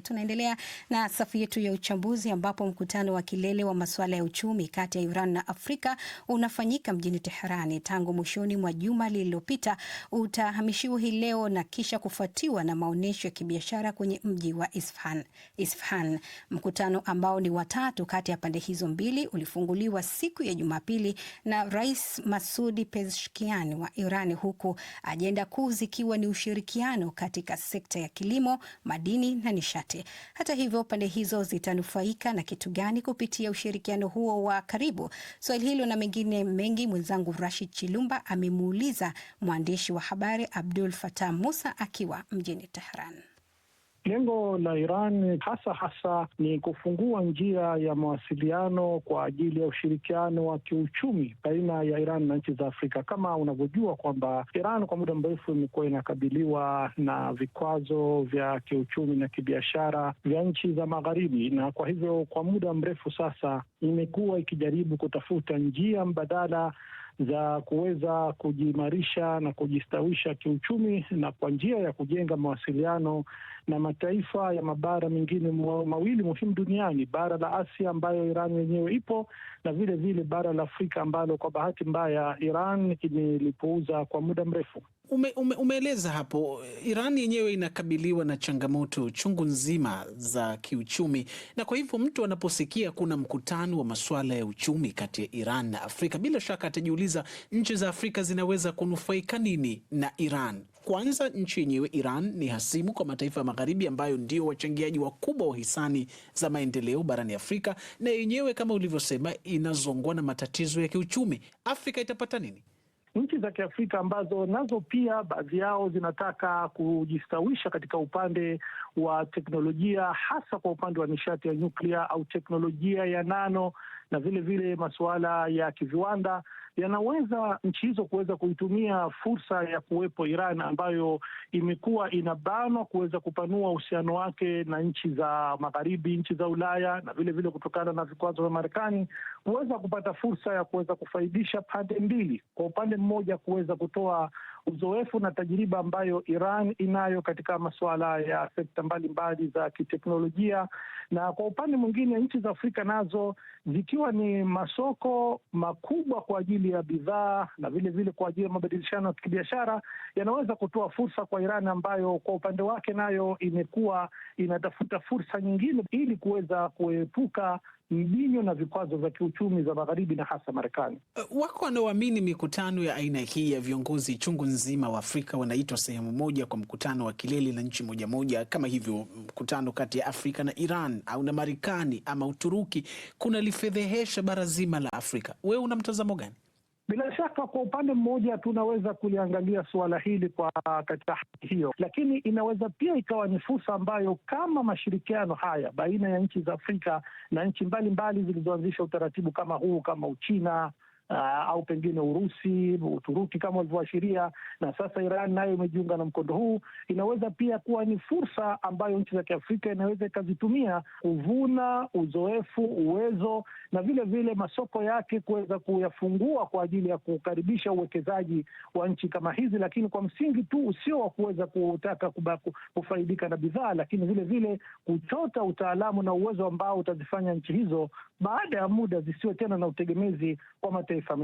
Tunaendelea na safu yetu ya uchambuzi ambapo mkutano wa kilele wa masuala ya uchumi kati ya Iran na Afrika unafanyika mjini Teherani tangu mwishoni mwa juma lililopita, utahamishiwa hii leo na kisha kufuatiwa na maonyesho ya kibiashara kwenye mji wa Isfahan. Isfahan, mkutano ambao ni watatu kati ya pande hizo mbili, ulifunguliwa siku ya Jumapili na Rais Masudi Pezeshkian wa Iran, huku ajenda kuu zikiwa ni ushirikiano katika sekta ya kilimo, madini na nishati zote. Hata hivyo, pande hizo zitanufaika na kitu gani kupitia ushirikiano huo wa karibu? Swali hilo na mengine mengi, mwenzangu Rashid Chilumba amemuuliza mwandishi wa habari Abdul Fatah Musa akiwa mjini Tehran. Lengo la Iran hasa hasa ni kufungua njia ya mawasiliano kwa ajili ya ushirikiano wa kiuchumi baina ya Iran na nchi za Afrika. Kama unavyojua kwamba Iran kwa muda mrefu imekuwa inakabiliwa na vikwazo vya kiuchumi na kibiashara vya nchi za Magharibi, na kwa hivyo kwa muda mrefu sasa imekuwa ikijaribu kutafuta njia mbadala za kuweza kujiimarisha na kujistawisha kiuchumi na kwa njia ya kujenga mawasiliano na mataifa ya mabara mengine mawili muhimu duniani, bara la Asia ambayo Iran yenyewe ipo na vile vile bara la Afrika ambalo kwa bahati mbaya Iran imelipuuza kwa muda mrefu ume, ume, umeeleza hapo, Iran yenyewe inakabiliwa na changamoto chungu nzima za kiuchumi, na kwa hivyo mtu anaposikia kuna mkutano wa masuala ya uchumi kati ya Iran na Afrika, bila shaka atajiuliza nchi za Afrika zinaweza kunufaika nini na Iran? Kwanza, nchi yenyewe Iran ni hasimu kwa mataifa ya magharibi ambayo ndio wachangiaji wakubwa wa hisani za maendeleo barani Afrika, na yenyewe kama ulivyosema inazongwa na matatizo ya kiuchumi. Afrika itapata nini? nchi za Kiafrika ambazo nazo pia baadhi yao zinataka kujistawisha katika upande wa teknolojia, hasa kwa upande wa nishati ya nyuklia au teknolojia ya nano na vile vile masuala ya kiviwanda yanaweza nchi hizo kuweza kuitumia fursa ya kuwepo Iran ambayo imekuwa inabanwa kuweza kupanua uhusiano wake na nchi za magharibi, nchi za Ulaya na vile vile kutokana na vikwazo vya Marekani kuweza kupata fursa ya kuweza kufaidisha pande mbili, kwa upande mmoja kuweza kutoa uzoefu na tajriba ambayo Iran inayo katika masuala ya sekta mbalimbali za kiteknolojia, na kwa upande mwingine nchi za Afrika nazo zikiwa ni masoko makubwa kwa ajili ya bidhaa na vile vile kwa ajili ya mabadilishano ya kibiashara, yanaweza kutoa fursa kwa Iran ambayo kwa upande wake nayo imekuwa inatafuta fursa nyingine ili kuweza kuepuka mbinyo na vikwazo vya kiuchumi za magharibi na hasa Marekani. Wako wanaoamini mikutano ya aina hii ya viongozi chungu nzima wa Afrika wanaitwa sehemu moja kwa mkutano wa kilele na nchi moja moja, kama hivyo mkutano kati ya Afrika na Iran au na Marekani ama Uturuki kunalifedhehesha bara zima la Afrika. Wewe una mtazamo gani? Bila shaka kwa upande mmoja tunaweza kuliangalia suala hili kwa katika hali hiyo, lakini inaweza pia ikawa ni fursa ambayo kama mashirikiano haya baina ya nchi za Afrika na nchi mbalimbali zilizoanzisha utaratibu kama huu, kama Uchina uh, au pengine Urusi, Uturuki kama walivyoashiria, na sasa Iran nayo imejiunga na mkondo huu, inaweza pia kuwa ni fursa ambayo nchi za Kiafrika inaweza ikazitumia kuvuna uzoefu, uwezo na vile vile masoko yake kuweza kuyafungua kwa ajili ya kukaribisha uwekezaji wa nchi kama hizi, lakini kwa msingi tu usio wa kuweza kutaka kufaidika na bidhaa, lakini vile vile kuchota utaalamu na uwezo ambao utazifanya nchi hizo baada ya muda zisiwe tena na utegemezi wa mataifa